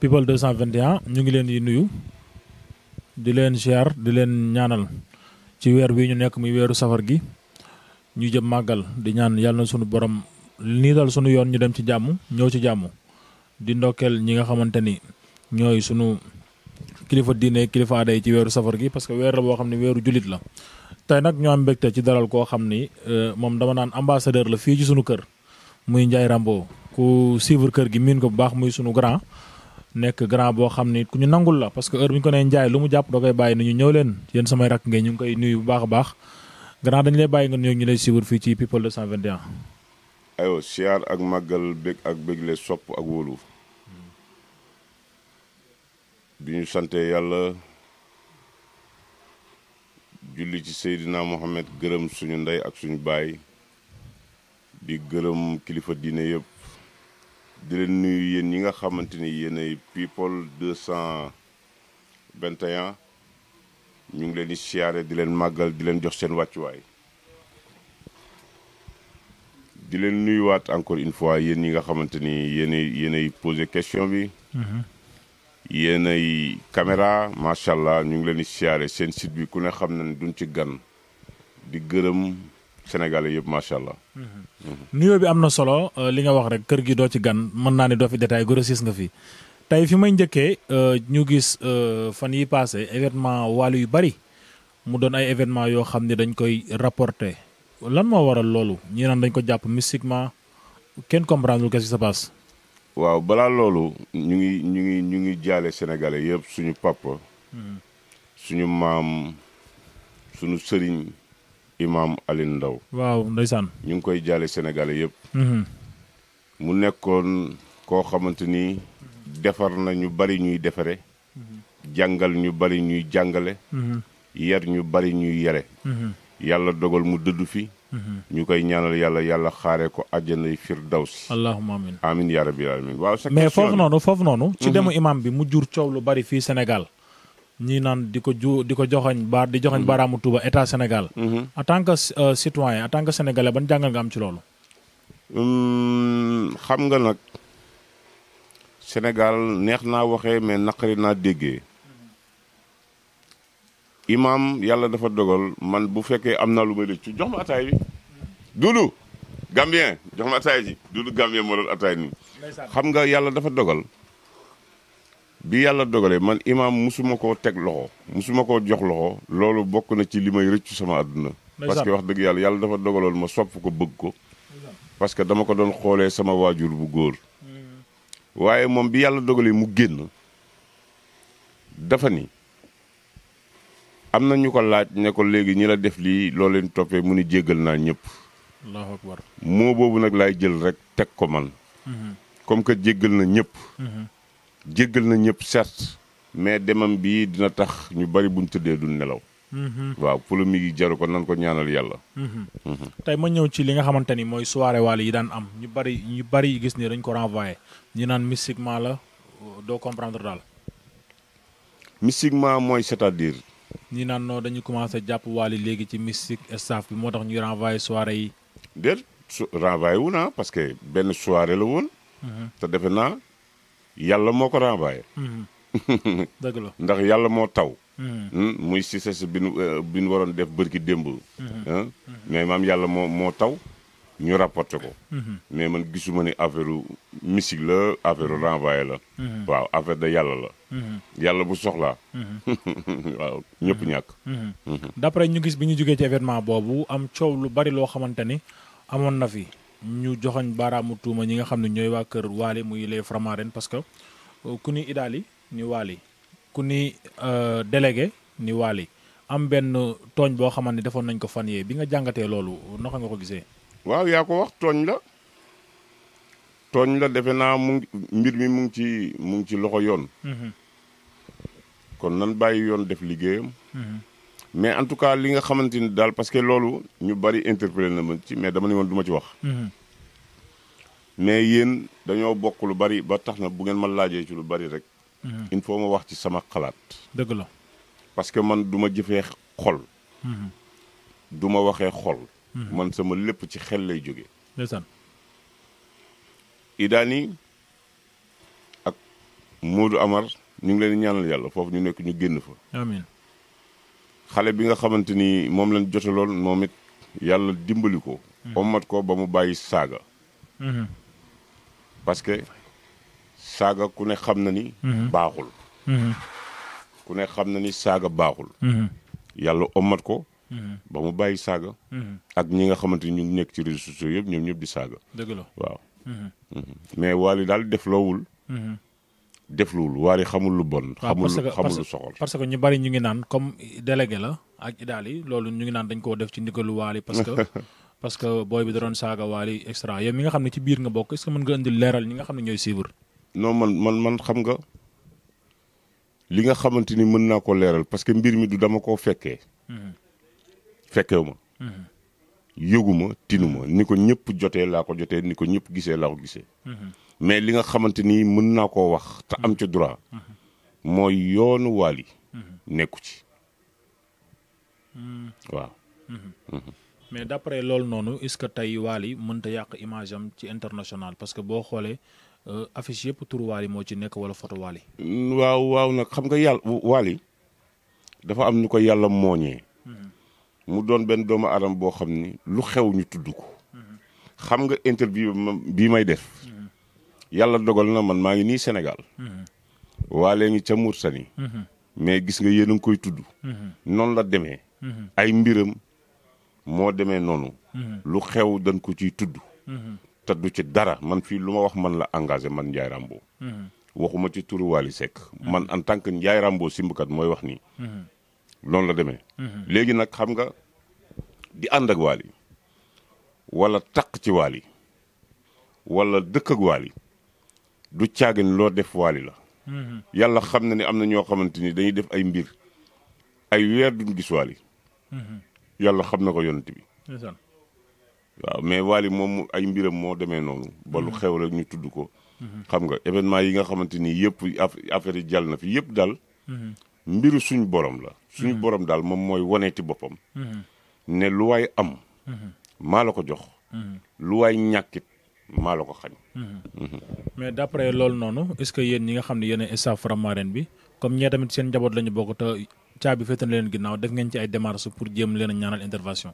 people 221 ñu ngi leen di nuyu di leen ziar di leen ñaanal ci weer wii ñu nekk muy weeru safar gi ñu jëm màggal di ñaan yàlla na sunu borom nii dal sunu yoon ñu dem ci jàmm ñëw ci jàmm di ndokkeel ñi nga xamante ni ñooy sunu kilifa diine kilifa aada yi ci weeru safar gi parce que weer la boo xam ne weeru jullit la tey nag ñoo am mbégte ci dalal koo xam ni euh, moom dama naan ambassadeur la fii ci sunu kër muy Ndiaye Rambo ku suivre kër gi miin ko bu baax muy sunu grand nekk grand boo xam ni ku ñu nangul la parce que heure bu ñu ko nee njaay lu mu jàpp da koy bàyyi ni ñu ñëw leen yéen samay rakk ngeen ñu ngi koy nuyu bu baax a baax grand dañu lay bàyyi nga nuyu ñu lay suivre fii ci People 221. aywa siyaar ak màggal bég ak bégle sopp ak wóolu. bi ñu sante yàlla julli ci Seydina Mohamed gërëm suñu ndey ak suñu baay di gërëm kilifa diine yëpp. di leen nuyu yéen ñi nga xamante ni yéen ay people 221 ñu ngi leen di siyaare di leen màggal di leen jox seen wàccuwaay di leen nuyuwaat encore une fois yéen yi nga xamante ni yéen ay yéen ay posé question bi. Mhm. yéen ay caméra macha allah ñu ngi leen di siyaare seen site bi ku ne xam na ne duñ ci gan di gërëm. Sénégalais yëpp macha allah. Mhm. nio bi am na solo euh, li nga wax rek kër gi doo ci gan mën naa ne doo fi détail grossiste nga fi tey fi may njëkkee euh, ñu gis euh, fan yi paase événement wàllu yu bari mu doon ay événement yoo xam ne dañ koy rapporté lan moo waral loolu ñi dañ ko jàpp mystiquement kenn comprendre lu qu'est-ce qui waaw balaa loolu ñu ngi ñu ngi ñu ngi jaale sénégalais yëpp suñu papa. Mhm. suñu maam suñu sëriñ. imaam Alioune Ndao waaw ndeysaan ñu ngi koy jaale Sénégalais yëpp mhm. mu nekkoon koo xamante ni defar na ñu bari ñuy defare mhm. jàngal ñu bari ñuy jàngale mhm. yar ñu bari ñuy yare yàlla dogal mu dëdd fi ñu koy ñaanal yàlla yàlla xaaree ko àjjanay firdaws allahumma amin amin yaa rabbil alamin waaw mais foofu noonu foofu noonu ci demu imam bi mu jur coow lu bari fii Sénégal ñii naan di ko ju di ko joxoñ baar di joxoñ mm-hmm. baaraamu tuuba état senegal mm-hmm. en tant que euh, citoyen en tant que sénégalais ban jàngal nga am ci loolu. Mm, xam nga nag Sénégal neex naa waxee mais naqari naa déggee. imaam yàlla dafa dogal man bu fekkee am naa lu may rëccu jox ma ataay bi. Dudu Gambien jox ma ataay ji Dudu Gambien moo doon ataay nii. xam nga yàlla dafa dogal. bi yàlla dogalee man imaam musuma koo teg loxo musuma koo jox loxo loolu bokk na ci li may rëccu sama àdduna parce que wax dëgg yàlla yàlla dafa dogaloon ma sopp ko bëgg ko parce que dama ko doon xoolee sama waajur bu góor mm. waaye moom bi yàlla dogalee mu génn dafa ni am na ñu ko laaj ne ko léegi ñi la def lii loo leen toppee mu ni jéggal naa ñëpp allahu moo boobu nag laay jël rek teg ko man mm-hmm. comme que jéggal na ñëpp mm-hmm. jéggal na ñëpp certes mais demam bii dina tax ñu bari buñ tëddee du nelaw. Mhm. waaw polémique yi jaru ko nan ko ñaanal yàlla. Mhm. Mhm. tey ma ñëw ci li nga xamante ni mooy soirée Wally yi daan am ñu bari ñu bari gis ni dañ ko renvoyé ñu naan mystiquement la doo comprendre daal. mystiquement mooy c'est-à-dire. ñi naan non dañu commencé jàpp Wally léegi ci mystique staff bi moo tax ñuy renvoyé soirée yi. déet su renvoyé wu naa parce que benn soirée la woon. te defe naa yàlla moo ko renvoyé. Mm-hmm. dëgg la ndax yàlla moo taw. Mm-hmm. Hmm? muy sécheresse bi nu euh, bi nu waroon def bërki démb. Mm-hmm. mais maam yàlla moo moo taw ñu rapporté ko. mais man gisuma ni affaire musique la affaire renvoyé la. waaw affaire de yàlla la. yàlla bu soxlaa. waaw ñëpp ñàkk. d'après ñu gis bi ñu jógee ci événement boobu am coow lu bari loo xamante ni amoon na fi. ñu joxoñ baaraamu tuuma ñi nga xam ne ñooy waa kër Waly muy les Faramareen parce que euh, ku ni Idaly ni Waly ku ni euh, délégué ni Waly am benn tooñ boo xamante ni defoon nañ ko fan yee bi nga jàngatee loolu naka nga ko gisee. waaw yaa ko wax tooñ la tooñ la defe naa mu mbir mi mu ci mu ci loxo yoon. Mhm. kon nan bàyyi yoon def liggéeyam. Mhm. mais en tout cas li nga xamante ni daal parce que loolu ñu bari interpellé na ma ci mais dama ne woon du ma ci wax. Mhm. mais yéen dañoo bokk lu bari ba tax na bu ngeen ma laajee ci lu bari rek. Mhm. il faut ma wax ci sama xalaat. dëgg la parce que man du ma jëfee xol. Mhm. du ma waxee xol. man sama lépp ci xel lay jóge ndeysaan Idaani ak Modou Amar ñu ngi leen ñaanal yàlla foofu ñu nekk ñu génn fa. xale bi nga xamante ni moom lañ jotaloon moom it yàlla dimbali ko. Hmm. ommat ko ba mu bàyyi saaga. Hmm. parce que saaga ku ne xam na ni. Hmm. baaxul. ku nekk xam na ni saaga baaxul. yàlla ommat ko. ba mu bàyyi saaga. ak ñi nga xamante ni ñu ngi nekk ci réseaux sociaux yëpp ñoom ñëpp di saaga. la waaw. mais Wally daal def loowul. def loolu waari xamul lu bon. xamul lu xamul lu soxol parce que ñu bari ñu ngi naan comme délégué la ak idaal yi loolu ñu ngi naan dañ koo def ci ndigalu waali parce que parce que booy bi da doon saaga waali extra yow mi nga xam ne ci biir nga bokk est-ce que mën nga indil leeral ñi nga xam ne ñooy suivre. non man man man xam nga li nga xamante ni mën naa ko leeral parce que mbir mi du dama koo fekkee. Mhm. fekkewu ma. Mhm. yëgu ma tinu ma ni ko ñëpp jotee laa ko jotee ni ko ñëpp gisee laa ko mhm. mais li nga xamante ni mën naa koo wax te am ci droit mooy yoonu Wally nekku ci waaw mais d'après loolu noonu est-ce que tey Wally mënta yàq image am ci international parce que boo xoolee euh, affiche yëpp tur Wally moo ci nekk wala photo Wally waaw waaw nag xam nga yàlla Wally dafa am nu ko yàlla mooñee mu doon benn doomu aadama boo xam ni lu xew ñu tudd ko mhm. xam nga interview bi may def mhm. yàlla dogal na man maa ngi nii Sénégal. Mm-hmm. waalee ngi ca Mauritanie. Mm-hmm. mais gis nga yéen a ngi koy tudd. Mm-hmm. noonu la demee. ay mbiram moo demee noonu. lu xew dan ko ciy tudd. te du ci dara man fii lu ma wax man la engagé man Ndiaye Rambo. waxuma ci turu Wally Seck. man en tant que Ndiaye Rambo simbukat mooy wax nii. noonu la demee. léegi nag xam nga di ànd ak Wally wala taq ci Wally wala dëkk ak Wally du caagin loo def waali la. Mm-hmm. yàlla xam na ne am na ñoo xamante ni dañuy def ay mbir ay weer duñ gis waali. Mm-hmm. yàlla xam na ko yonent bi. waaw mais waali moom ay mbiram moo demee noonu. ba lu mm-hmm. xew rek ñu tudd ko. xam nga événement yi nga xamante ni yëpp affaire yi jàll na fi yëpp daal. mbiru suñu borom la. suñu borom daal moom mooy waneeti boppam. ne lu waay am. maa la ko jox. lu waay ñàkkit maa la ko xañ. Mhm. mais d' après loolu noonu est ce que yéen ñi nga xam ne yéen a staff Ramaren bi comme ñee tamit seen njaboot la ñu bokk te caabi féete na leen ginnaaw def ngeen ci ay démarches pour jéem leen a ñaanal intervention.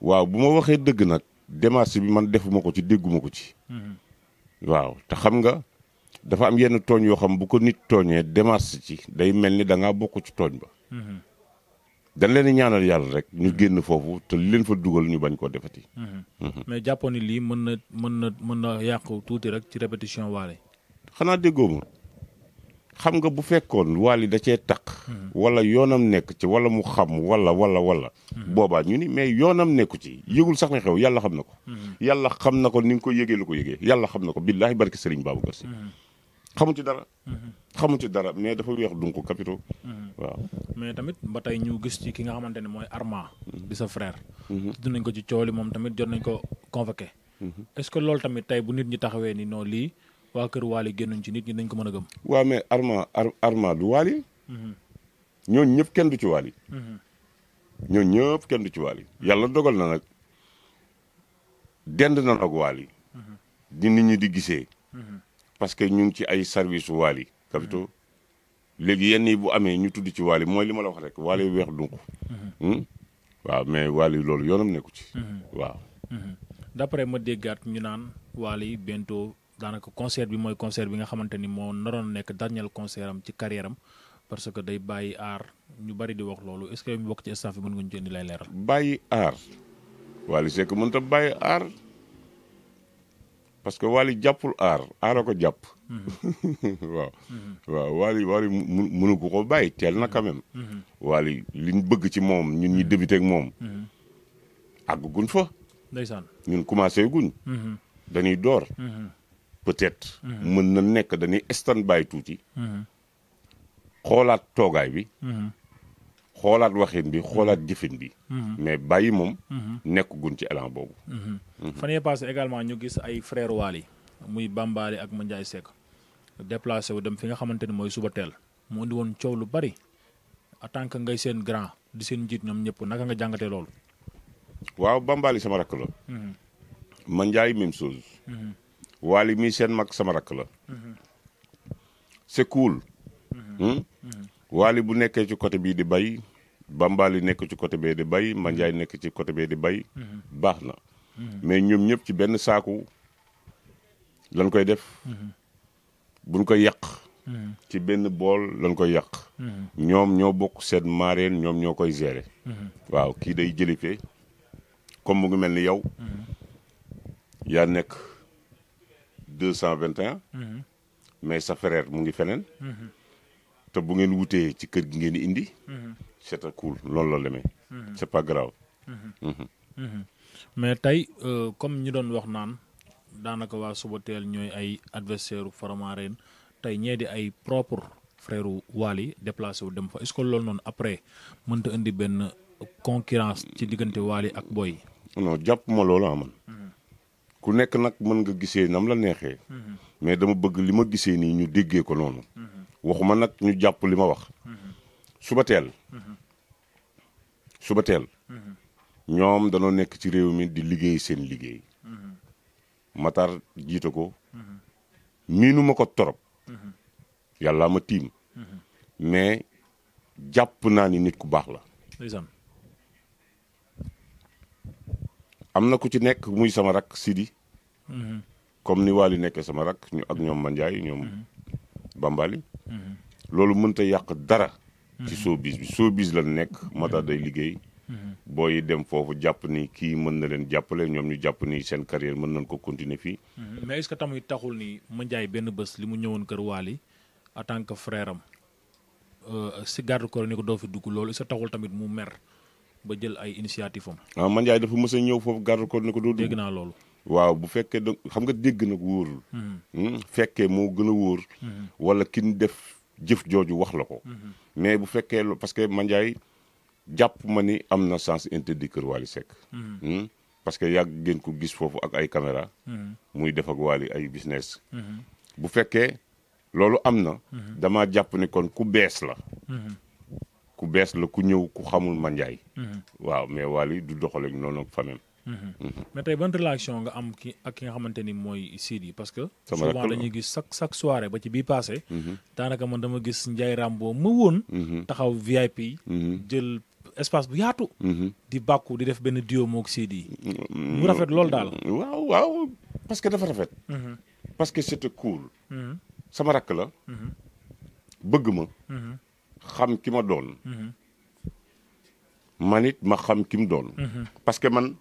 waaw bu ma waxee dëgg nag démarche bi man defuma ko ci dégguma ko ci. Mhm. waaw te xam nga dafa am yenn tooñ yoo xam bu ko nit tooñee démarche ci day mel ni da ngaa bokk ci tooñ ba. Mhm. dañ leen ñaanal yàlla rek ñu génn foofu te li leen fa dugal ñu bañ koo defati. Mhm. mais jàppoon lii mën na mën na mën na yàqu tuuti rek ci répétition waale. xanaa déggoo xam nga bu fekkoon waali da cee taq. Mhm. wala yoonam nekk ci wala mu xam wala wala wala. Mhm. boobaa ñu ni mais yoonam nekku ci yëgul sax ne xew yàlla xam na ko. yàlla xam na ko ni nga ko yëgee lu ko yëgee yàlla xam na ko billaahi barki Sëriñ Babacar Si. xamu ci dara. Mhm. xamu ci dara mais dafa weex donc capitaux. Mhm. waaw mais tamit ba tey ñu gis ci ki nga xamante ne mooy Arma. Mhm. di sa frère. tudd ko ci cooli moom tamit jot nañ ko convoqué. est-ce que loolu tamit tey bu nit ñi taxawee ni non lii waa kër Waly génnuñ ci nit ñi nañ ko mën a gëm. waaw mais Arma Arma du Waly. ñooñu ñëpp kenn du ci Waly. ñooñu ñëpp kenn du ci Waly yàlla dogal na nag dend na nag Waly. di nit ñi di gisee. parce que ñu ngi ci ay service su waal yi. capito léegi yenn yi bu amee ñu tudd ci waal yi mooy li ma la wax rek waal yu mm-hmm. weex dunq mm-hmm. hmm? waaw mais waal yi loolu yoonam nekku ci. Mm-hmm. waaw. d'après ma déggaat ñu naan waal yi bientôt daanaka concert bi mooy concert bi nga xamante ni moo naroon nekk dernier concert am ci carrière parce que day bàyyi aar ñu bari di wax loolu est-ce que mu bokk ci staff bi mën nga ñu jëndi lay leeral. bàyyi aar Wally Seck mënut a bàyyi aar. parce que Wally jàppul aar aara ko jàpp. Mm-hmm. waaw. Mm-hmm. waaw Wally Wally ko bàyyi teel na quand même. Mm-hmm. Wally liñ bëgg ci moom ñun ñi débuté ak moom. àgguñ fa. ndeysaan ñun commencé guñ. dañuy door. peut-être. mën na nekk dañuy stand by tuuti. xoolaat toogaay bi. xoolaat waxin bi mhm. xoolaat jëfin bi. Mhm. mais bàyyi moom. Mhm. nekk gun ci élan boobu. fan yee passé ñu gis ay frère Wally muy Bambaali ak Mandiaye Seck déplacé wu dem fi nga xamante ni mooy suba teel mu indi woon coow lu bari a tant que ngay seen grand di seen njiit ñoom ñëpp naka nga jàngate loolu. waaw Bambaali sama rakk la. Mandiaye même chose. Wally mii seen mag sama rakk la. c'est cool. Hmm? bu nekkee ci côté bii di bay Bambaali nekk ci côté di bay Mandiaye nekk ci côté bee di bay mhm. baax na mhm. mais ñoom ñëpp ci benn saaku lan koy def mhm. buñ koy yàq ci benn bool lan koy yàq ñoom ñoo bokk seen marraine ñoom ñoo koy gérer waaw kii day jëli fee comme mu ngi mel ni yow yaa nekk deux cent vingt mais sa frère mu ngi feneen te bu ngeen wutee ci kër gi ngeen indi c'est cool loolu la demee. Mhm. c'est pas grave. Mhm. Mhm. mais tey euh, comme ñu doon wax naan daanaka waa Subateel ñooy ay adversaire u tey ñee di ay propre frère Wally déplacé wu dem fa est-ce que loolu noonu après mënta indi benn concurrence ci diggante Wally ak Boy yi. jàpp ma loolu ah, man. ku nekk nag mën nga gisee nam la neexee. mais dama bëgg li ma gisee nii ñu déggee ko noonu. waxuma nag ñu jàpp li ma wax. Subateel suba teel. ñoom danoo nekk ci réew mi di liggéey seen liggéey. Matar jiite ko. miinuma ko torop. yàlla ma tiim. mais jàpp naa ni nit ku baax la. am na ku ci nekk muy sama rak Sidi. comme ni Waly nekkee sama rakk ak ñoom Mandiaye ñoom. Bambali. loolu mënta yàq dara. ci showbiz bi showbiz la nekk Matar day liggéey booy dem foofu jàpp ni kii mën na leen jàppale ñoom ñu jàpp ni seen carrière mën nañ ko continuer fii mm-hmm. mais est-ce que tamit taxul ni Mandiaye benn bés li mu ñëwoon kër Wally en tant que frère am euh, si garde ni ko doo fi dugg loolu est-ce taxul tamit mu mer ba jël ay initiative am ah Mandiaye dafa mës ñëw foofu garde corps ni ko doo dégg naa loolu waaw bu fekkee da xam nga dégg nag wóorul mm-hmm. hmm? fekkee moo gën a wóor mm-hmm. wala kin def jëf jooju wax la ko. Mhm. mais bu fekkee parce que Mandiaye jàpp ma ni am na sens interdit kër Wally Seck. Mhm. Hmm? parce que yàgg ngeen ko gis foofu ak ay caméra mhm. muy def ak Wally ay business. bu fekkee loolu am na. dama jàpp ni kon ku bees la. ku bees la ku ñëw ku xamul Mandiaye. waaw mais Wally du doxaleeg noonu ak famem Mhm. Mhm. mais tey ban relation nga am ki ak ki nga xamante ni mooy Sidy parce que. souvent dañuy gis chaque chaque soirée ba ci bii passé. Mhm. daanaka man dama gis Ndiaye Rambo ma woon. taxaw VIP. jël espace bu yaatu. di bàkku di def benn duo moog Sidy. Mm-hmm. mu rafet loolu daal. waaw waaw parce que dafa rafet. parce que c'était cool. sama rakk la. bëgg ma. xam ki ma doon. man it ma xam ki mu doon. parce que man.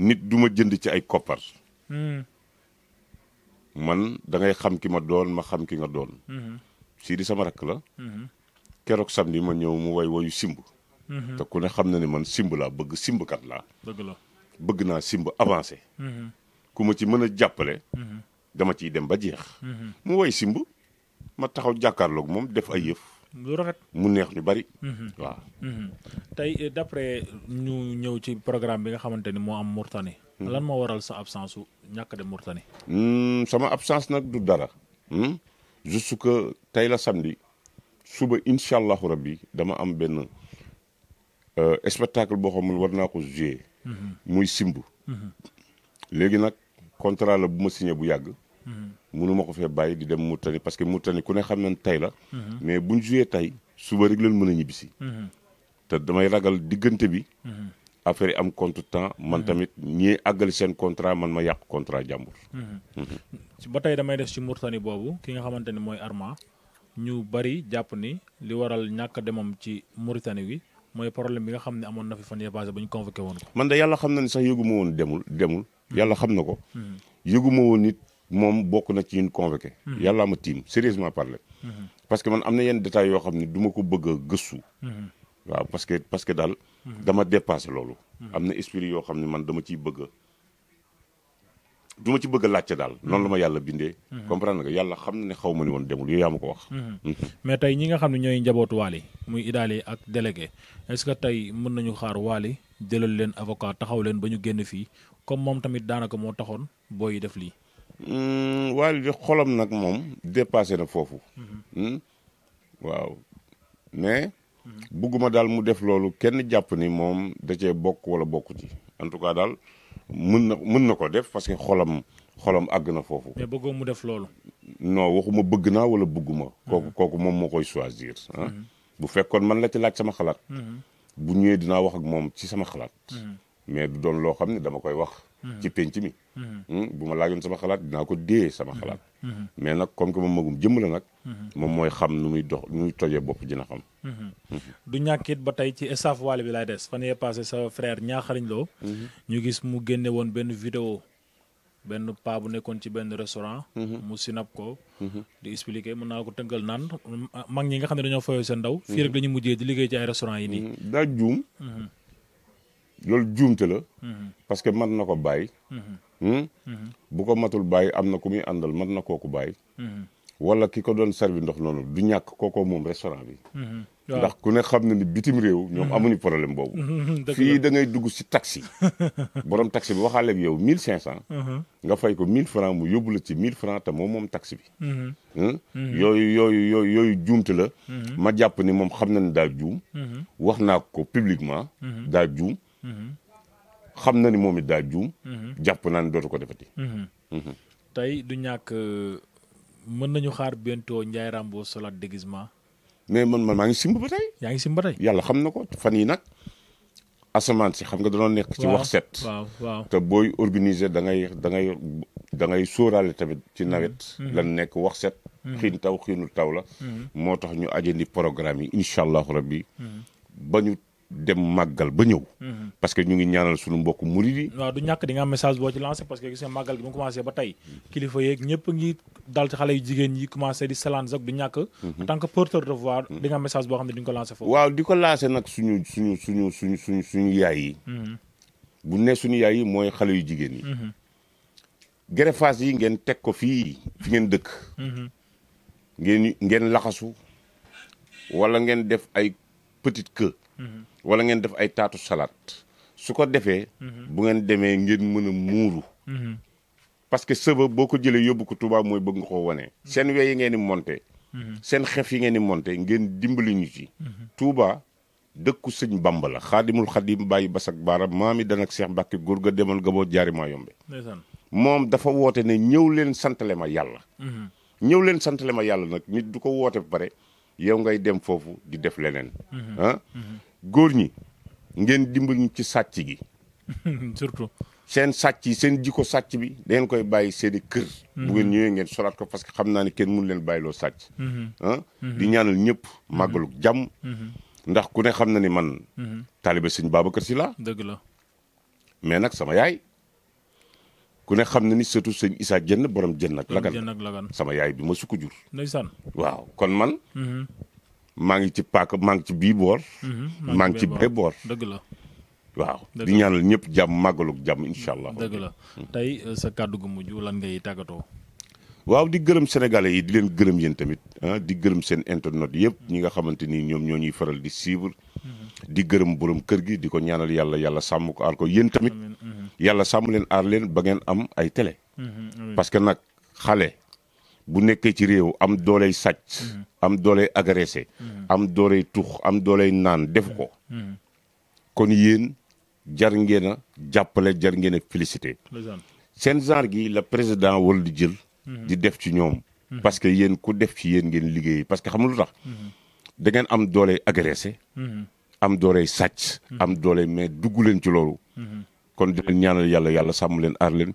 nit du ma jënd ci ay koppar. Hmm. man dangay xam ki ma doon ma xam ki nga doon. Hmm. di sama rakk la. Hmm. keroog sam di ma ñëw mu woy woyu simb. te ku ne xam na ni man simb laa bëgg simbkat laa. dëgg bëgg naa simb avancé. ku ma ci mën a jàppale. dama ciy dem ba jeex. mu woy simb ma taxaw jàkkaarloog moom def ay yëf. lu rafet mu neex ñu bari. Mhm. waaw. Mhm. tey eh, d'après ñu ñëw ci programme bi nga xamante ni moo am Mourtani. Mhm. lan moo waral sa absence su ñàkk dem Mourtani. Hmm, sama absence nag du dara. Hmm? juste que tey la samedi suba incha allahu rabbi dama am benn euh, spectacle boo xam ne war naa ko jouer. muy simb. léegi nag contrat la bu ma signé bu yàgg. munu ma ko fee bàyyi di dem Mourtani parce que Mourtani ku ne xam nañ tey la. Mhm. mais buñ joué tey suba rek lañ mën a ñibbisi. Mhm. te damay ragal diggante bi. Mhm. affaire yi am contre temps man tamit ñii àggali seen contrat man ma yàq contrat jàmbur. ba tey damay def ci Mourtani boobu ki nga xamante ni mooy Arma ñu bari jàpp ni li waral ñàkk demam ci Mauritanie wi mooy problème bi nga xam ne amoon na fi fan yii ba ñu convoqué woon ko. man de yàlla xam na ni sax yëgu ma demul demul. yàlla xam na ko. moom bokk na ci ñun convoqué. Mhm. yàllaa ma tiim sérieusement parler. Mhm. parce que man am na yenn détails yoo xam ne duma ko bëgg a mhm. waaw parce que parce que daal. dama dépassé loolu. am na esprit yoo xam ne man dama ciy bëgg duma ci bëgg a laajte daal. noonu la ma yàlla bindee. comprendre nga yàlla xam ne xaw ma ni woon demul yooyu yaa ma ko wax. mais tey ñi nga xam ne ñooy njabootu Wally muy idaali ak délégué est-ce que tey mën nañu xaar Wally jëlal leen avocat taxaw leen ba ñu génn fii comme moom tamit daanaka moo taxoon booy def lii. Hmm, Wally de xolam nag moom dépassé na foofu. Hmm? waaw mais. bugguma daal mu def loolu kenn jàpp ni moom da bokk wala bokku ci en tout cas daal mën na mën na ko def parce que xolam xolam àgg na foofu. mais bëggoo mu def loolu. non waxuma bëgg naa wala bëgguma. Mhm. kooku kooku moom moo koy choisir. Mhm. bu fekkoon man la ci laaj sama xalaat. Mhm. bu ñëwee dinaa wax ak moom ci sama xalaat. mais du doon loo xam ne dama koy wax. Hmm. ci penc mi. Hmm. Hmm, bu ma laajoon sama xalaat dinaa ko dee sama xalaat. mais nag comme que moom magum jëmm la nag. moom mooy xam nu muy tojee bopp dina xam. du ñàkkit ba tey ci staff Wally bi laay des fan yee passé sa frère ñaaxariñ loo. ñu gis mu génne woon benn vidéo benn paa bu nekkoon ci benn restaurant. mu sinap ko. di expliquer mën naa ko tënkal naan mag ñi nga xam ne dañoo foyoo seen ndaw. fii rek dañu mujjee di liggéey ci ay restaurant yi nii. daa loolu juumte la. Mhm. parce que man na ko bàyyi. Mhm. Hmm? Mhm. bu ko matul bàyyi am na ko muy àndal man na kooku bàyyi. wala ki ko doon servi ndox noonu du ñàkk kookoo moom restaurant bi. ndax ku ne xam na ni bitim réew. ñoom amuñu problème boobu. fii da ngay dugg si taxi. borom taxi bi waxaale ak yow 1500. nga fay ko 1000 francs mu yóbbu la ci 1000 francs te moom moom taxi bi. Hmm? yooyu yooyu yooyu yooyu juumte la. ma jàpp ni moom xam na ni daa juum. wax naa ko publiquement. daa juum. xam na ni moom it daa juum. Mhm. jàpp naan ne dootu ko defati. Mhm. Mhm. tey du ñàkk euh, mën nañu xaar bientôt Ndiaye Rambo solaat déguisement. mais man ma maa ngi simb ba tey. yaa ngi simb ba yàlla xam na ko fan yi nag asamaan si xam nga danoo nekk. ci wax set. waaw waaw te booy organiser da ngay da ngay da ngay sóoraale tamit ci nawet. lan nekk wax set. xiin taw xiinu taw la. moo tax ñu ni programme yi incha allahu rabbi ba dem màggal ba ñëw. Mhm. parce que ñu ngi ñaanal suñu mbokk murid yi. waaw du ñàkk di message boo ci lancé parce que gis nga màggal gi mu commencé ba tey mhm. kilifa yeeg ñëpp ngi dal ci xale yu jigéen yi commencé di salaan sax du ñàkk. Mhm. en tant que porteur de voix di nga message boo xam ne di ko lancé foofu. waaw di ko lancé nag suñu suñu suñu suñu suñu suñu yaay yi. bu ne suñu yaay yi mooy xale yu jigéen yi. greffage yi ngeen teg ko fii fi ngeen dëkk. ngeen ngeen laxasu wala ngeen def ay petite queue. wala ngeen def ay taatu salaat su ko defee. Mhm. bu ngeen demee ngeen mën a muuru. Mhm. parce que sëba boo ko jëlee yóbbu ko Touba mooy bëgg nga koo wane. Mhm. seen we yi ngeen di monté. seen xef yi ngeen di monté ngeen dimbali ñu ci. Touba dëkku sëñ Bamba la xaadimul xadim bàyyi basak baara maam yi dana ak Seex Mbàkke góor ga demal ga boo jaari maa yombe. moom dafa woote ne ñëw leen santale ma yàlla. ñëw leen santale ma yàlla nag nit du ko woote ba pare yow ngay dem foofu di def leneen. Ah? góor ñi ngeen dimbal ñu ci sàcc gi. surtout. seen sàcc yi seen jikko sàcc bi da koy bàyyi seen i kër. Mhm. bu ngeen ñëwee ngeen soraat ko parce que xam naa ne kenn mun leen bàyyiloo sàcc. Mhm. ah mhm. di ñaanal ñëpp màggalu jàmm. ndax ku ne xam na ni man. taalibe sëñ Babacar Si laa. dëgg la mais nag sama yaay ku ne xam na ni surtout sëñ Issa Dieng borom Dieng ak. lagan sama yaay bi ma sukk jur. waaw kon man. maa ngi ci paaka maa ngi ci bii boor. Mhm, maa ngi ci bee boor dëgg la. waaw di ñaanal ñëpp jàmm màggaluk jàmm incha allah. dëgg la hmm. tey euh, sa kàddu gu mujj lan ngay tàggatoo. waaw di gërëm sénégalais yi di leen gërëm yéen tamit ah, di gërëm seen internet yëpp ñi nga xamante ni ñoom ñoo ñuy faral di suivre. Hmm. di gërëm borom kër gi di ko ñaanal yàlla yàlla sàmm ko aar ko yéen tamit. Hmm. yàlla sàmm leen aar leen ba ngeen am ay télé. parce que nag xale. bu nekkee ci réew am doole dooley sàcc. Mm-hmm. am doole dooley agressé. Mm-hmm. am dooley tux am doole dooley naan def ko. Mm-hmm. kon yéen jar ngeen a jàppale jar ngeen a félicité. seen genre gi la président wal di jël. di def ci ñoom. parce que yéen ku def ci yéen ngeen liggéey parce que xam tax. da ngeen am dooley agressé. am dooley sàcc. am dooley mais dugg leen ci loolu. kon di leen yàlla yàlla sàmm leen aar leen.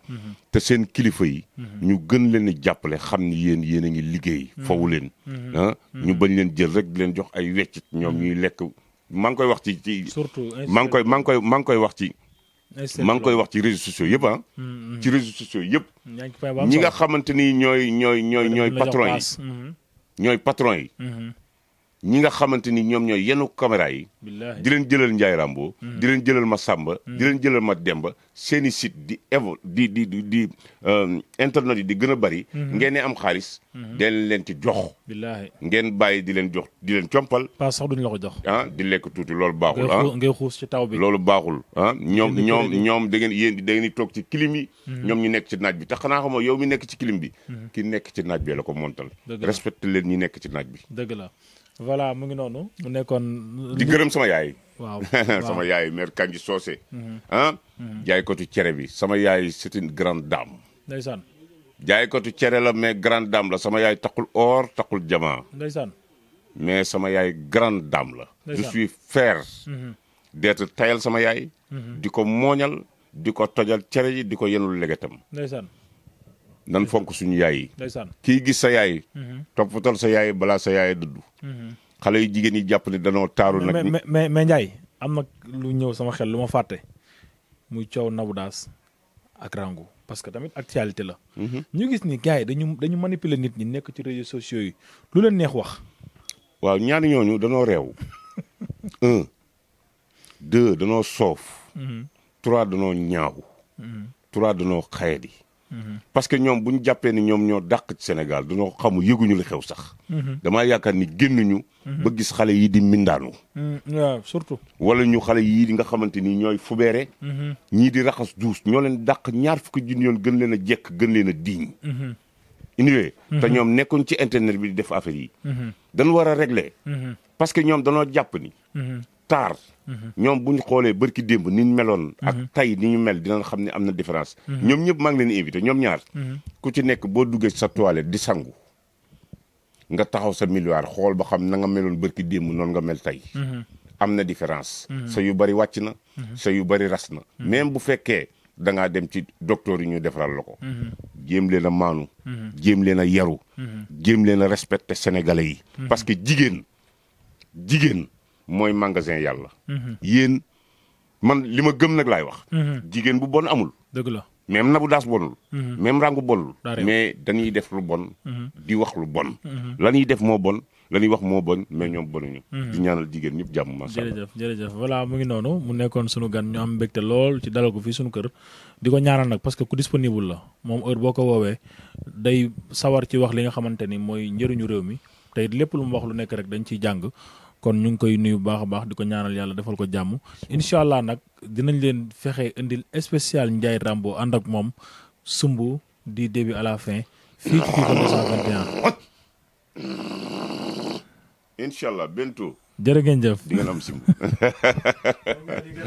te seen kilifa yi. ñu gën leen jàppale xam ni yéen yéen a ngi liggéey. fawu leen. Mm-hmm. Ah, mm-hmm. ñu bañ leen jël rek leen jox ay weccit ñoom ñuy lekk maa ngi koy wax ci ci. surtout maa ngi koy maa ngi koy maa ngi koy wax ci. maa ngi koy wax ci réseaux sociaux yëpp ah. Mm-hmm. ci réseaux sociaux yëpp. ñi nga xamante ni ñooy ñooy ñooy ñooy patron yi. ñooy patron yi. ñi nga xamante ni ñoom ñooy yenu caméra yi. di leen jëlal Ndiaye Rambo. Hmm. di leen jëlal ma Samba. Hmm. di leen jëlal ma Demba seeni i di évo di di di di euh, internet yi di gën a bari. Hmm. ngeen ne am xaalis. den leen ci jox. ngeen bàyyi di leen jox di leen compal. pas sax ko jox. Ah, di lekk tuuti loolu baaxul ah. ngay xuus taw bi loolu baaxul. Ah. ñoom ñoom ñoom da ngeen yéen da ngeen di toog ci clim yi. ñoom ñu nekk ci naaj bi tax xanaa xamoo yow mi nekk ci clim bi. ki nekk ci naaj bi la ko montal. respecte leen ñi nekk ci naaj bi. dëgg voilà mu ngi noonu mu nekkoon. di gërëm sama yaay. sama yaay mère Kandji Socé. Mhm. ah. Mhm. cere bi sama yaay c'est grand grande dame. ndeysaan. jaaykatu cere la mais grande dame la sama yaay taxul or taxul jamaa. ndeysaan. mais sama yaay grand dame la. je suis fier. Mhm. tayal sama yaay. di ko mooñal di ko tojal cere ji di ko yenu legetam. ndeysaan. nan fonk suñu yaay yi. ndeysaan kiy gis sa yaay. toppatal sa yaay balaa sa yaay dudd. Mm-hmm. xale yu jigéen yi jàpp ne danoo taaru. nag mais mais mais Ndiaye am na lu ñëw sama xel lu ma fàtte muy coow Nabou Daas ak Rangou parce que tamit actualité la. Mm-hmm. ñu gis ni gars yi dañu dañu manipuler nit ñi nekk ci réseaux sociaux yi lu leen neex wax. waaw ñaar ñooñu danoo réew. un danoo soof. Mm-hmm. trois danoo ñaaw. trois danoo xayadi. parce que ñoom bu ñu jàppee ni ñoom ñoo dàq ci Sénégal du ñoo xamu yëguñu li xew sax. Mhm. damaa yaakaar ni génnuñu. Mhm. ba gis xale yi di mindaanu. Mm, waaw surtout. wala ñu xale yii nga xamante ni ñooy fubeere. Mhm. ñii di raxas duus ñoo leen dàq ñaar fukki junni yoon gën leen a jekk gën leen a diiñ. indiwee. te ñoom nekkuñ ci internet bi di def affaire yi. dañu war a régler. parce ñoom danoo jàpp ni. taar. ñoom bu ñu xoolee bërki démb ni ñu meloon. ak mhm. tay ni ñu mel dinañ xam ne am na différence. Mhm. ñoom ñëpp maa ngi leen invité ñoom ñaar. Mhm. ku ci nekk boo duggee sa toilette di sangu. nga taxaw sa milliard xool ba xam na nga meloon bërki démb noon nga mel tey. am na différence. sa yu bari wàcc na. sa yu bari ras na. même bu fekkee da ngaa dem ci docteur yi ñu defaral la ko. jéem leen a maanu. jéem leen a yaru. jéem leen a respecté sénégalais yi. parce que jigéen jigéen. mooy magasin yàlla. Mhm. yéen man li ma gëm nag laay wax. Mhm. jigéen bu bon amul. dëgg la même nabu daas bonul. Mhm. même rangu bonul. mais dañuy def lu bon. di wax lu bon. la ñuy def moo bon. la ñuy wax moo bon mais ñoom bonuñu. di ñaanal jigéen ñëpp jàmm macha allah jërëjëf mu ngi noonu mu nekkoon sunu gan ñu am mbégte lool ci dalal ko fi sunu kër. di ko ñaanal nag parce que ku disponible la moom heure boo ko woowee day sawar ci wax li nga xamante ni mooy njëriñu réew mi te lépp lu mu lu nekk rek dañ ciy jàng kon ñu ngi koy nuyu baax a baax di ko ñaanal yàlla defal ko jàmm incha allah nag dinañ leen fexe indil spécial Ndiaye Rambo ànd ak moom sumb di début à la fin fii ci FIFA 221. incha allah bientôt. jërë ngeen